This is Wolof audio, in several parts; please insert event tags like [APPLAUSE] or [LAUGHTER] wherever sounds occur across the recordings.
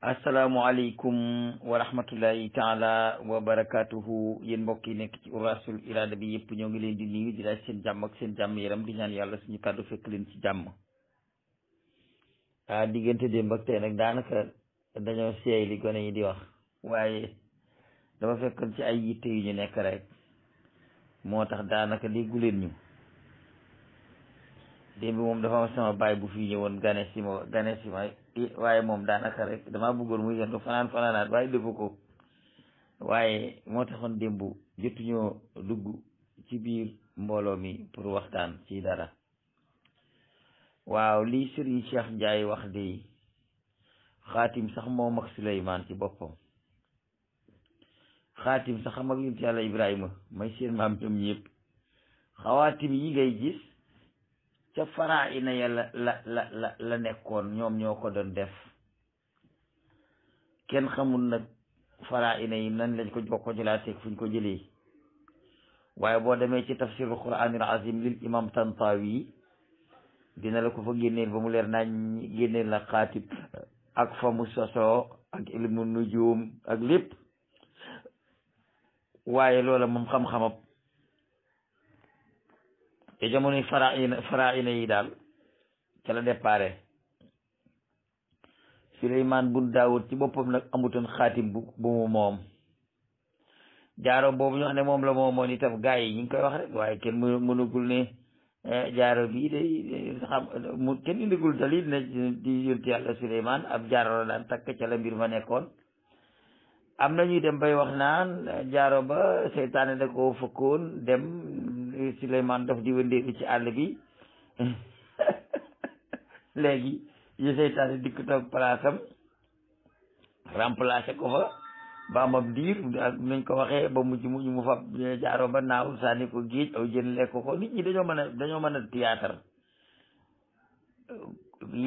asalaamualeykum wa rahmatullahi taala wa barakaatuhu yéen mbokk yi nekk ci urasul irada bi yëpp ñoo ngi leen di nuyu di laaj seen jàmm ak seen jàmm yaram di ñaan yàlla suñu kàddu fekk leen ci jàmm ah diggante démb ak tey dañoo seey gone yi di wax waaye dafa fekkoon ci ay yitte yu ñu nekk rek moo tax daanaka déggu leen ñu démb moom dafa am sama baay bu fi ñëwoon gane si ma gane si ma waaye moom daanaka rek dama bëggoon muy yendu fanaan fanaanaat waaye defu ko waaye moo taxoon démb jotuñoo dugg ci biir mbooloo mi pour waxtaan ci dara waaw lii Serigne Cheikh njaay wax di xaatim sax moom ak Suleymaan ci boppam xaatim sax xam ak yonent yàlla Ibrahima may seen maam ñoom ñëpp xawaatim yi ngay gis ca faraa ina ya la la la nekkoon ñoom ñoo ko doon def kenn xamul nag faraa ina yi nan lañ ko bokko jëlaateeg fuñ ko jëlee waaye boo demee ci tafsirul quraanil azim lil imam tantawi dina la ko fa génneel ba mu leer naañ génneel la xaatib ak fa mu sosoo ak ilmu nujum ak lépp waaye loola moom xam-xamab te jamonoy faraina faraina yi daal ca la déparé Suleymaan bun Daawud ci boppam nag amutoon xaatim bu bu mu moom jaaro boobu ñu wax ne moom la moomoon itam gaa yi ñu ngi koy wax rek waaye kenn mu mënagul ne eh, jaaro bii day xam mu kenn indigul dalil ne di yonti yàlla Suleymaan ab jaaro la daan takk ca mbir ma nekkoon am na ñuy dem bay wax naan jaaro ba seytaane da ko fëkkoon dem Souleymane daf di wëndeelu ci àll bi [LAUGHS] léegi yi seytaane dikk toog palaasam remplacé ko fa baamam diir nañ ko waxee ba mujj mu fab jaaro ba naaw sànni ko géej aw jën lekk ko nit ñi dañoo mën a dañoo mën a théâtre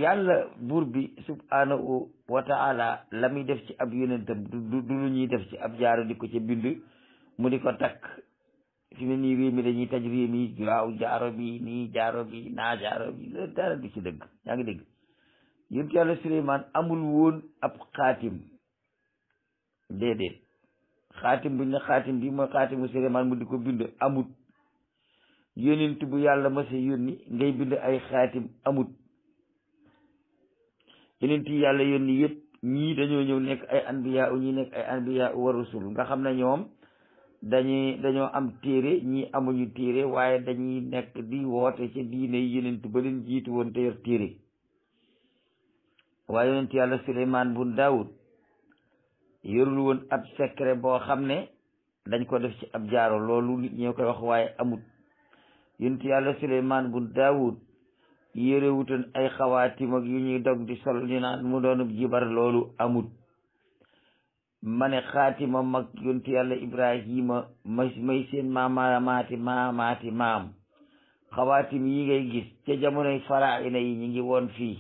yàlla buur bi subhanahu wa taala la muy def ci ab yonentam du du lu ñuy def ci ab jaaro di ci ca bind mu di ko takk fi mu ne nii réew dañuy taj réew mi waaw jaaro bi nii jaaro bi naa jaaro bi loolu dara du ci dëgg yaa ngi dëgg yonent yàlla Suleymaan amul woon ab xaatim déedéet xaatim buñ ne xaatim bi mooy xaatimu Suleymaan mu di ko bind amut yonent bu yàlla masa yónni ngay bind ay xaatim amut yonent yi yàlla yónni yëpp ñii dañoo ñëw nekk ay anbiya u ñi nekk ay anbiya u wa nga xam ne ñoom dañuy dañoo am téere ñii amuñu téere waaye dañuy nekk di woote ci diine yonent ba leen jiitu woon te yor téere waaye yonent yàlla Suleymaan bun Daawud yorul ab secret boo xam ne dañ ko def ci ab jaaro loolu wax waaye amut yonent yàlla Suleymaan bun Daawud yërewutoon ay xawaatim ak yu ñuy dog di sol ñu naan mu doon jibar loolu amut ma ne xaatima mag yontu yàlla ibrahima ma may seen maamaamaati maamaati maam xawaatim yi ngay gis ca jamonoy faraina yi ñi ngi woon fii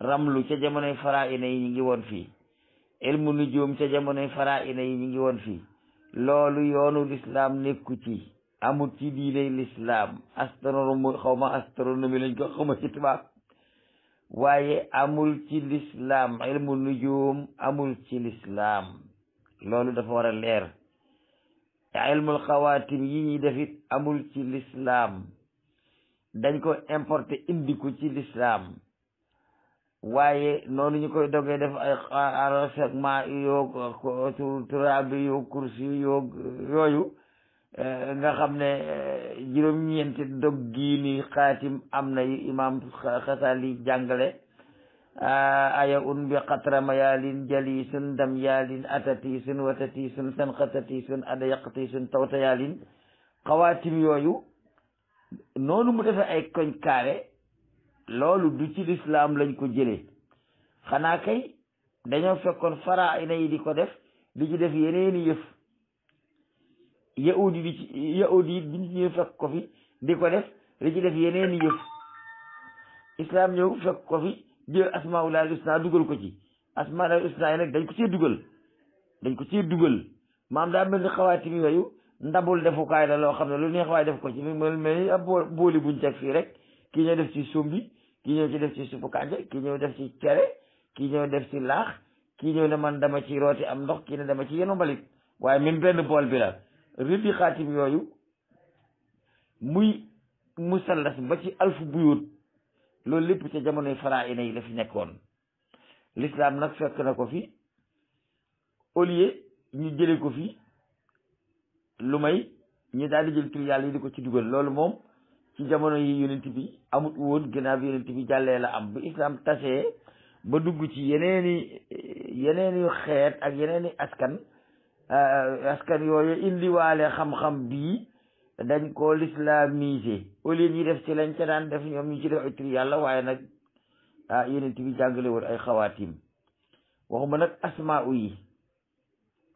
ramlu ca jamonoy faraina yi ñi ngi woon fii ilmu nujum ca jamonoy faraina yi ñi ngi woon fii loolu yoonu lislaam nekku ci amut ci diiney lislaam astronomie xaw ma astronomie lañ ko xaw ma ci tubaab waaye amul ci lislaam amul ci lislaam loolu dafa war a leer ilmul xawaatim yi ñuy defit amul ci lislaam dañ ko importé indi ko ci lislaam waaye noonu ñu koy dogee def ay renseignement yoog turaab yoog kursi yoog yooyu Eh, nga xam ne eh, juróom-ñeenti dog gii ni xaatim am na yu imam xasali jàngale eh, aya un bi xatrama yaalin jali sun dam yaalin atati sun watati sun sanxatati sun ada yaqati sun tawta yaalin xawaatim yooyu noonu mu defee ay koñ kaare loolu du ci lislaam lañ ko jëlee xanaa kay dañoo fekkoon fara ina yi di ko def di ci def yeneeni yëf yahudi di ci yahudi yi biñ ñëw fekk ko fi di ko def di ci def yeneen i yëf islam ñëw fekk ko fi jël asmaulal husna dugal ko ci asmaulal husna yi nag dañ ko cee dugal dañ ko cee dugal maam daa mel ni xawaati mi yooyu ndabul defukaay la loo xam ne lu neex waaye def ko ci mi mel mel ni ab booli buñ teg fii rek kii ñëw def ci sombi kii ñëw ci def ci suppu kànja kii def ci cere kii ñëw def ci laax kii ñëw ne man dama ci rooti am ndox kii ne dama ci yenu mbalit waaye même benn bool bi la rëddi xaatim yooyu muy musallas ba ci alfu buyut loolu lépp ca jamonoy faraayina yi la fi nekkoon l'islam nag fekk na ko fi au lieu ñu jële ko fi lu may ñu daal di jël tur yàlla yi di ko ci dugal loolu moom ci jamono yi yonent bi amut woon gannaaw bi yonent jàllee la am bu islam tasee ba dugg ci yeneeni yeneeni xeet ak yeneeni askan Euh, askan yooyu indiwaale xam-xam bii dañ ko lislamisé au lieu ñi def ci lañ ca daan def ñoom ñu ci def ay yàlla waaye nag ah yeneen bi jàngale woon ay xawaatim waxuma nag asmaa yi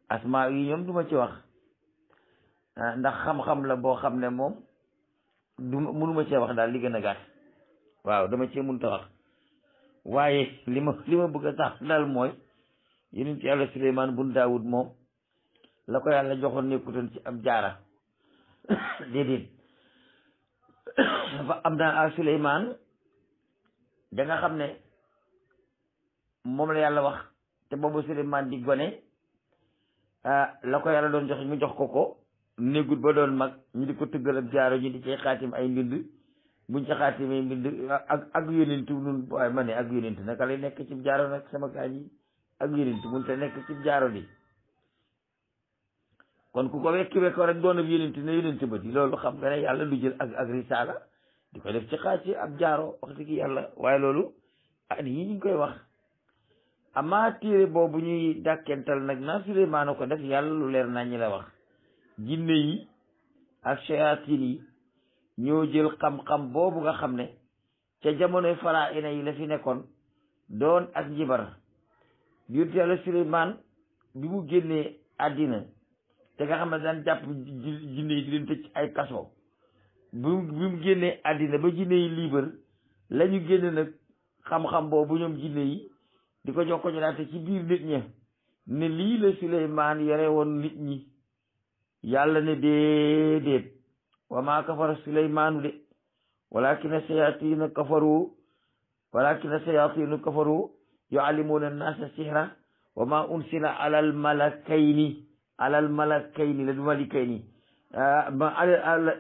asmaa yi ñoom duma ci wax ah, ndax xam-xam la boo xam ne moom du mënuma cee wax daal li gën a gàtt waaw dama cee mënta wax waaye li ma li ma bëgg a tax daal mooy yeneen ci yàlla Suleymaan bun moom la ko yàlla joxoon nekkutoon ci ab jaara déedéet dafa am naa ak Suleymaan da xam ne moom la yàlla wax te boobu Suleymaan di gone ah, la ko yàlla doon jox ñu jox ko ko néegut ba doon mag ñu di ko tëggal ab jaaro ñu di ci xaatim ay mbind buñ ci xaatim ay mbind ak ak yónintu nun waaye ma ne ak yónintu nekk ci jaaro nag sama gaañ yi ak yónintu mun te nekk ci jaaro di kon ku ko wekki wekk rek doon ab yonent ne yonent ba loolu xam nga ne yàlla lu jël ak ak risaala di ko def ci xaaj ci ab jaaro wax dëgg yàlla waaye loolu at ah, yi ñu koy wax amaa téere boobu ñuy dàkkental nag naa Suleymaan ko def yàlla lu leer nañ la wax jinne yi ak shayatin yi ñoo jël xam-xam boobu nga xam ne ca jamonoy faraa'ina yi la fi nekkoon doon ak njibar yonent yàlla Suleymaan bi mu génnee àddina te nga xam daan jàpp jinne yi di leen tëj ay kaso bu bi génnee àddina ba jinne yi liibar la ñu génne nag xam-xam boobu ñoom jinne yi di ko jox ko ñu naate ci biir nit ña ne lii la Suleymaan yore woon nit ñi yàlla ne déedéet wa maa kafara Suleymaanu de walaakina sayaatiina kafaru walaakina sayaatiina kafaru yuallimuuna naasa sihra wa maa unsila alal malakayni alal malakayni la du malikayni ah,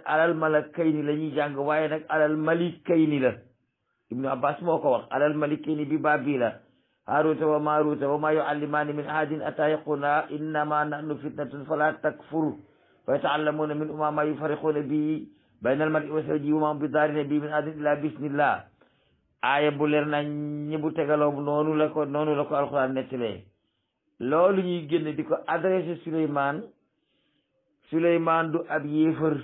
alal malakayni la ñuy jàng waaye nag alal malikayni la ibnu abbas moo ko wax alal malikayni bi baabi la haaruuta wa maaruuta wa maa yuallimaani min ahadin ataa yaquulaa innamaa nahnu fitnatun falaa takfur fa yataallamuuna min humaa maa yufarriquuna bihi bayna al-mar'i wa zawjihi wa maa hum bidaariina bihi min ahadin illaa bismillah aaya bu leer nañ ñi bu tegaloo noonu la ko noonu la ko alxuraan nettalee loolu ñuy génne di ko adressé Souleymane Souleymane du ab yéefar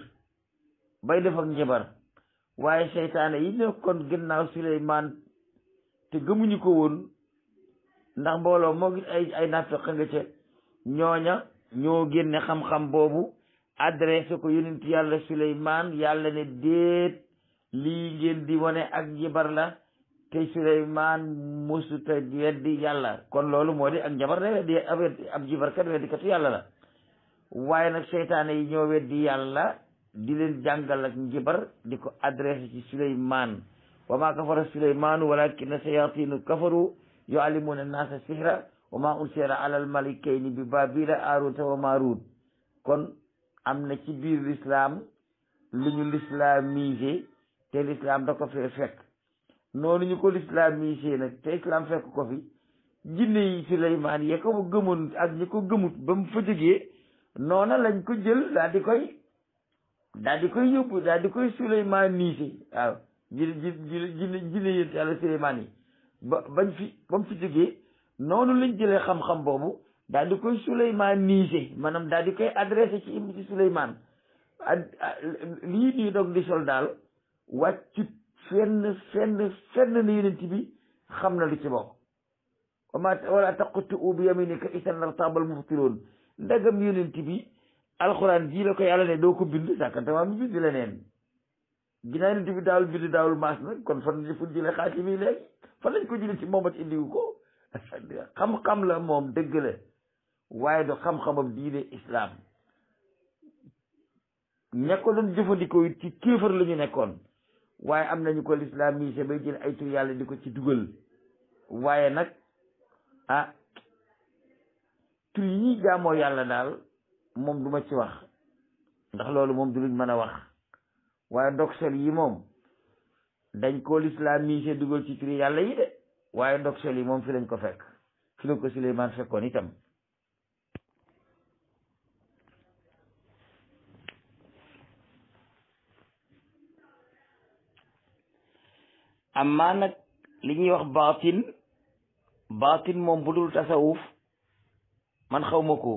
bay def ak njabar waaye seytaane yi nekkoon gannaaw Souleymane te gëmuñu ko woon ndax mbooloo moo gis ay ay naafeq ñooña ñoo génne xam-xam boobu adressé ko yonent yàlla Souleymane yàlla ne déet lii ngeen di wane ak njabar la te Suleymaan musuta weddi yàlla kon loolu moo di ak njabar ne weddi ab jibarkat weddikatu yàlla la waaye nag seytaane yi ñoo weddi yàlla di leen jàngal ak njibar di ko adressé ci Suleymaan wa maa kafara Suleymaanu walakinna sayatinu kafaru yuallimuna naasa sihra wa maa alal malikayni bi babila aaruta wa maaruut kon am na ci biir l'islam lu te l'islam da ko noonu ñu ko lislaam yi see nag te islam fekk ko fi jinne yi Suleymaan ya ko gëmoon ak ñi ko gëmut ba mu fa jógee noona lañ ko jël daal di koy daal di koy yóbbu daal di koy Suleymaan niise waaw jine jine jine yéen yàlla ba bañ fi ba noonu lañ jëlee xam-xam boobu daal di koy Suleymaan niise maanaam daal di koy adressé ci im ci Suleymaan lii nii doog di sol daal wàccut fenn fenn fenn ne yonent bi xam na lu ci bokk wama wala taqtu'u bi yaminika idan lartaabal mubtiloon ndagam yonent bi alxuraan jii la ko yàlla ne doo ko bind sàkkantama mi bind leneen ginnaaw yonent bi daawul bind daawul maas nag kon fan fu jële xaati bi léegi fan lañ ko jële ci moomat indiwu ko [LAUGHS] xam-xam la moom dëgg la waaye du xam-xamam diine islaam ña ko doon jëfandikoo ci kéefar la ñu nekkoon waaye am nañu ko lislamisé bay jël ay tur yàlla di ko ci dugal waaye nag ah tur yi ñuy jaamoo yàlla daal moom duma ci wax ndax loolu moom du luñ mën a wax waaye ndoxel yii moom dañ ko lislamisé dugal ci tur yàlla yi de waaye ndoxel yi moom fi lañ ko fekk fi la ko Suleymaan fekkoon itam amma nag li ñuy wax baatin baatin moom bu dul tasawuf man xawma ko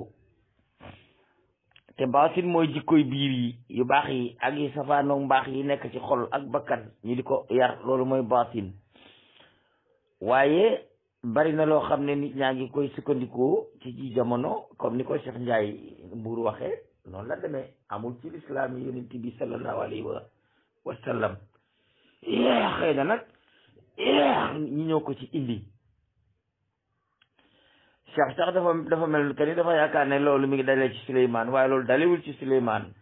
te baatin mooy jikkoy biir yi yu baax yi ak yi safaanoog mbaax yi nekk ci xol ak bakkan ñi di ko yar loolu mooy baatin waaye bari na loo xam ne nit ñaa ngi koy sukkandikoo ci jii jamono comme ni ko Cheikh njaay Mbour waxee noonu la demee amul ci lislaam yi yonent bi sallallahu alayhi wa sallam eh, xëy na nag ñi ñoo ko ci indi Cheikh sax dafa dafa mel que dafa yaakaar ne loolu mi ngi dalee ci Suleymaan waaye loolu dalewul ci Suleymaan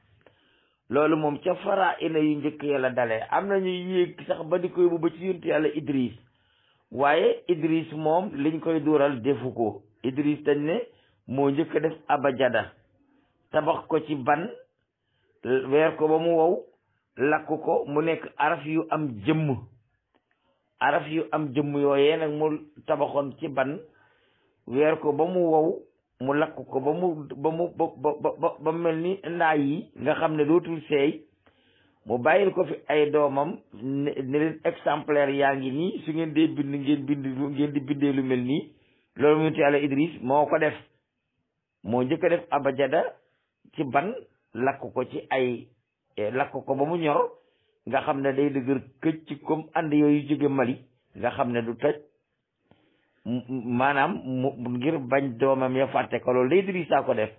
loolu moom ca faraa ina yu njëkk yàlla dale am na ñuy yéeg sax ba di ko yóbbu ba ci yonent yàlla Idris waaye Idris moom liñ koy duural defu ko Idris dañ ne moo njëkk def abajada tabax ko ci ban weer ko ba mu wow lakk ko mu nekk araf yu am jëmm araf yu am jëmm yooyee nag mu tabaxoon ci ban weer ko ba mu wow mu lakk ko ba mu ba mu ba ba ba mel ni ndaay nga xam ne dootul seey mu bàyyil ko fi ay doomam ne leen exemplaire yaa ngi nii su ngeen dee bind ngeen di bindee lu mel nii loolu mu yonentu Yàlla Idris moo ko def moo njëkk a def abajada ci ban lakk ko ci ay eh, lakk ko ba mu ñor nga xam ne day dëgër këcc comme ànd yooyu jóge Mali nga xam ne du toj maanaam mu ngir bañ doomam ya fàtte ko loolu day diri saa ko def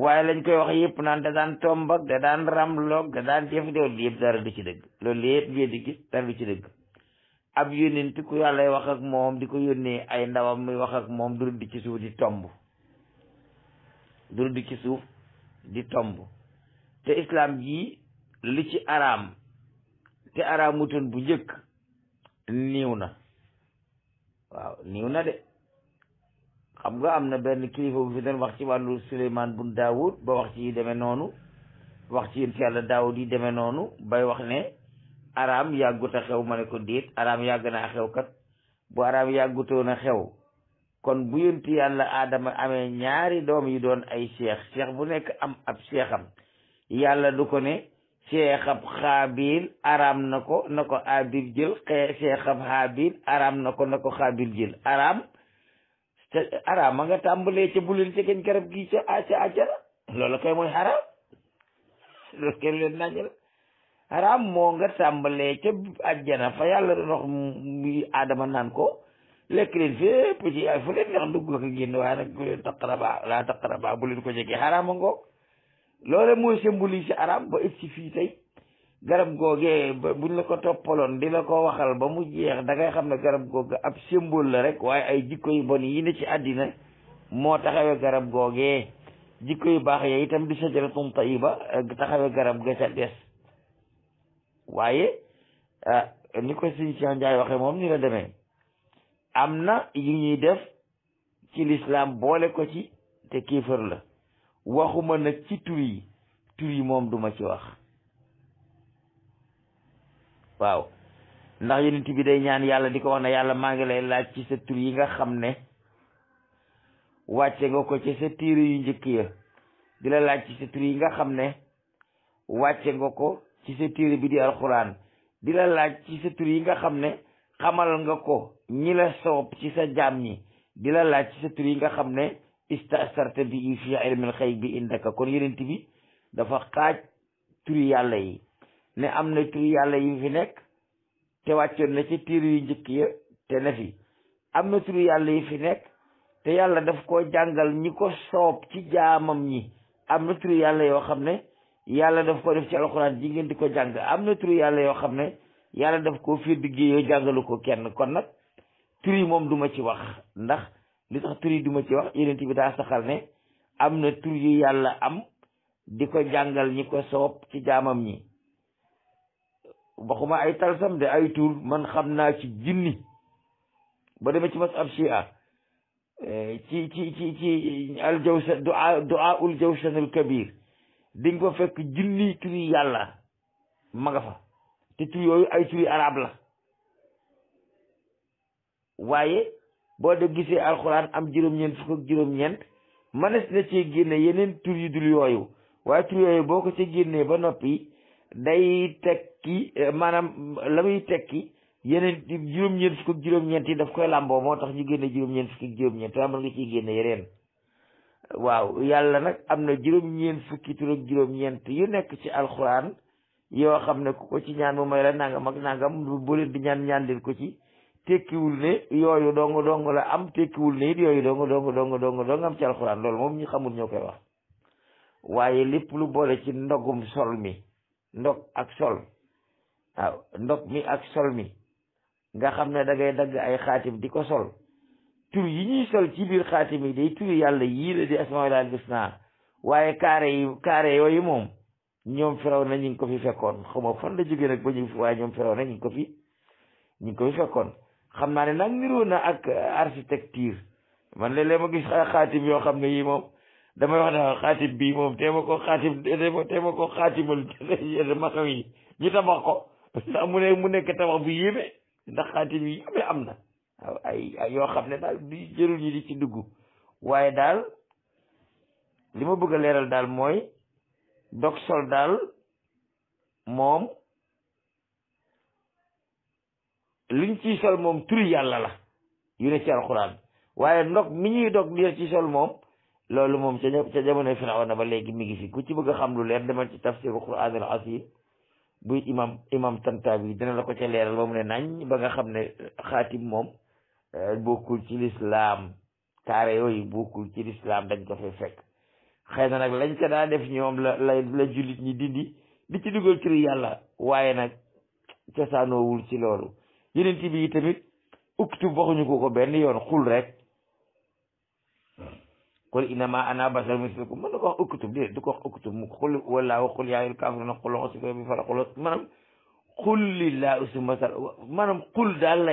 waaye lañ koy wax yëpp naan da daan tombak da daan ramloog da daan def loolu yëpp dara du ci dëgg loolu yëpp bie di gis dara du ci dëgg ab yónent ku yàllay wax ak moom di ko yónnee ay ndawam muy wax ak moom du rëdd ci suuf di tomb du rëdd ci suuf di tomb te islam jii li ci araam te araamutoon bu njëkk niiw na waaw niiw na de xam nga am na benn kilifa bu fi doon wax ci wàllu Suleymaan bun Daawud ba wax ci yi deme noonu wax ci yéen si yàlla Daawud yi demee noonu bay wax ne araam yàggut a xew ma ne ko déet araam yàgg naa xew kat bu araam yàggutoon a xew kon bu yonent yàlla aadama amee ñaari doom yi doon ay seex seex bu nekk am ab seexam yàlla du ko ne seexab xaabil aram na ko na ko abil jël xaabil aram na ko na ko xaabil jël aram aram a nga tàmbalee ca bu leen ca gën garab gi ca ca àjjana loolu kay mooy haram loolu kay leen nañal haram moo nga tàmbalee ca na fa yàlla doon wax muy aadama naan ko lekk leen fépp ci ay fu leen neex dugg ko génn waaye nag bu leen ko jege haram a ngoog loole mooy sembuli si arab ba ëgg si fii tey garab googee buñ la ko toppaloon di la ko waxal ba mu jeex dangay xam ne garab googe ab symbole la rek waaye ay jikko yu bon yi ne ci àddina moo taxawee garab googee jikko yu baax ya itam di sajaratum ba taxawee garab ga ca des waaye ah, ni ko sëñ Cheikh Ndiaye waxee moom ni la demee am na yu ñuy def ci lislaam boole ko ci te kiifar la waxuma nag ci tur yi tur yi moom duma ci wax waaw ndax yonent bi day ñaan yàlla di ko wax na yàlla maa ngi lay laaj ci sa tur yi nga xam ne wàcce nga ko ci sa téere yu di la laaj ci sa yi nga xam ne wàcce nga ko ci sa téere bi di alxuraan di la laaj ci sa tur yi nga xam ne xamal nga ko ñi la soob ci sa jaam ñi di la laaj ci sa tur yi nga xam ne istasarta bi fi ay ilmil xayb indaka kon yonent bi dafa xaaj turi yàlla yi ne am na turi yàlla yi fi nekk te wàccoon na ci tiir yu njëkk ya te am na turi yàlla yi fi nekk yàlla daf ko jàngal ñi ko soob ci jaamam ñi am na turi yàlla yoo xam ne yàlla daf ko def ci alxuraan ji ngeen di ko jàng am na turi yàlla yoo xam ne yàlla daf ko fii diggee yoo jàngalu ko kenn kon nag turi moom duma ci wax ndax li tax tur duma ci wax yeneen bi daa saxal ne am na tur yu yàlla am di ko jàngal ñi ko soob ci jaamam ñi waxuma ay talsam de ay tur man xam naa ci jinni ba demee ci mas ab chia eh, ci ci ci ci al jawsa duaa duaa ul jawsanul kabir di ko fekk jinni turi yàlla ma fa te tur yooyu ay turi arab la waaye boo de gisee alxuraan am juróom-ñeent fukk ak juróom-ñeent mënees na cee génne yeneen tur yu dul yooyu waaye tur yooyu boo ko ci génnee ba noppi day teg tekki eh, maanaam la muy tekki yeneen juróom-ñeent fukk ak juróom-ñeent yi daf koy làmboo moo tax ñu génne juróom-ñeent fukk ak ñeent waaye mën nga ciy génne yeneen yàlla nag am na juróom-ñeent fukki tur ak juróom-ñeent yu nekk ci alxuraan yoo xam ne ku ko ci ñaan mu may la nangam ak nangam bu leen di ñaan ñaan leen ko ci tekkiwul ne yooyu dong dong la am tekkiwul ne it yooyu dong dong dong dong dong am ci alxuraan loolu moom ñu xamul ñoo koy wax waaye lépp lu boole ci ndogum sol mi ndog ak sol waaw ndog mi ak sol mi nga xam ne da ngay dagg ay xaatim di ko sol tur yi ñuy sol ci biir xaatim yi day turi yàlla yii la di asmaa daal gis naa waaye kaare yi kaare yooyu moom ñoom firaw na ñu ngi ko fi fekkoon xaw ma fan la jógee nag ba ñu waaye ñoom firaw na ñu ngi ko fi ñu ngi ko fi fekkoon xam naa ne nag niroo na ak architecture man léeg-léeg ma gis xaatim yoo xam ne yii moom damay wax ne xaatim bii moom tee ma ko xaatim tee ma ko xaatimal [LAUGHS] maxam yi ñu tabax ko mu nekk tabax bu yéeme ndax xaatim yi yéeme am na waaw ay ay yoo xam ne daal di jërul ñi di ci dugg waaye daal li ma bëgg a leeral daal mooy dog daal moom liñ ci sol moom turi yàlla la yu ne ci alxuraan waaye ndox mi ñuy dog li ci sol moom loolu moom ca ca jamono na ba léegi mi ngi si ku ci bëgg a xam lu leer demal ci tafsiru Qur'aan al asiim bu imam imam Tantawi dina la ko ca leeral ba mu ne nañ ba nga xam ne xaatim moom eh, bokkul ci lislaam taare yooyu bokkul ci lislaam dañ ko fay fekk xëy na nag lañ ca daa def ñoom la la jullit ñi dindi di ci dugal turi yàlla waaye nag cosaanoowul ci loolu yeneen bi tamit uktub waxuñu ko ko benn yoon xul rek qul innama ana basar mislukum mën na ko wax uktub déedéet du ko wax uktub mu xul wallaahu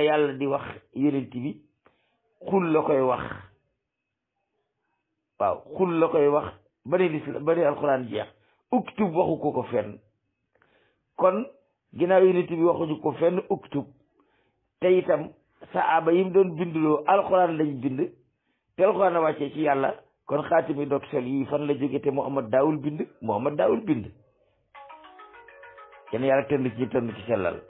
yàlla di wax yeneen bi xul la koy wax waaw la koy wax ba ne lislam ba jeex uktub waxu ko ko fenn kon ginnaaw yeneen bi waxuñu ko fenn uktub te itam saaba yi mu doon bindloo alxuraan lañ bind te alxuraan a wàccee ci yàlla kon xaatimi doxal yi fan la jóge te Muhammad daawul bind Muhammad daawul bind kenn yàlla tënd ci tënd ci sellal